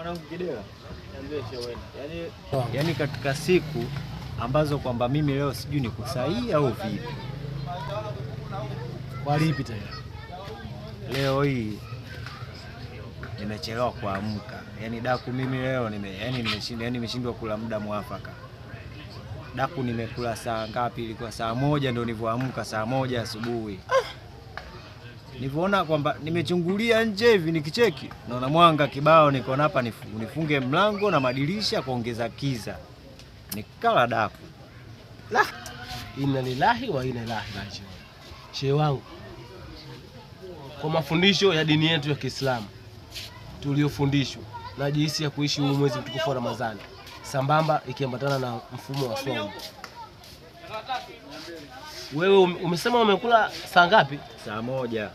mwanangu Kidela, yaani, ah. yaani katika siku ambazo kwamba mimi leo sijui ni kusahii au vipi, lipi tena leo hii nimechelewa kuamka, yaani daku mimi leo nime, yaani nimeshindwa yaani nimeshindwa kula muda mwafaka. Daku nimekula saa ngapi? Ilikuwa saa moja ndio nilivyoamka, saa moja asubuhi. Ah nilivyoona kwamba nimechungulia nje hivi nikicheki, naona mwanga kibao, nikaona hapa nifunge mlango na madirisha kuongeza kiza, nikala dafu la inna lillahi wa inna ilaihi rajiun. Shehe wangu, kwa mafundisho ya dini yetu ya Kiislamu tuliyofundishwa na jinsi ya kuishi huu mwezi mtukufu wa Ramadhani sambamba ikiambatana na mfumo wa somo wewe umesema umekula saa ngapi? Saa moja.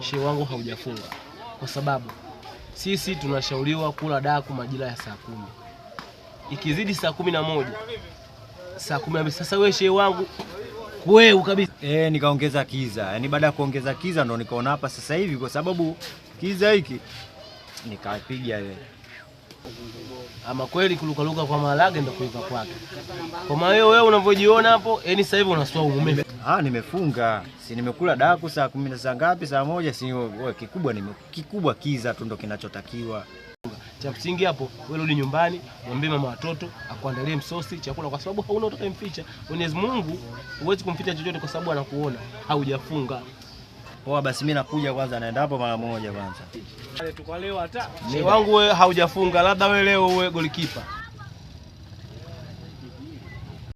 Shehe wangu haujafunga, kwa sababu sisi tunashauriwa kula daku majira ya saa kumi. Ikizidi saa kumi na moja saa kumi na mbili Sasa wewe shehe wangu kweu kabisa. E, nikaongeza kiza, yaani baada ya kuongeza kiza ndo nikaona hapa sasa hivi, kwa sababu kiza hiki nikapiga ile ama kweli kulukaluka kwa maharage ndo kuiva kwake. Kwa maana hiyo wewe unavyojiona hapo, yani sasa hivi unaswaumu mimi. Ah, nimefunga. Si nimekula daku saa 10 saa ngapi? Saa moja si wewe kikubwa nime kikubwa kiza tu ndo kinachotakiwa. Cha msingi hapo, wewe rudi nyumbani, mwambie mama watoto akuandalie msosi chakula kwa sababu hauna mficha. Mwenyezi Mungu huwezi kumficha chochote kwa sababu anakuona haujafunga. Poa, basi mimi nakuja kwanza, naenda hapo mara moja kwanza. Kwa leo hata wangu, wewe haujafunga, labda wewe leo uwe golikipa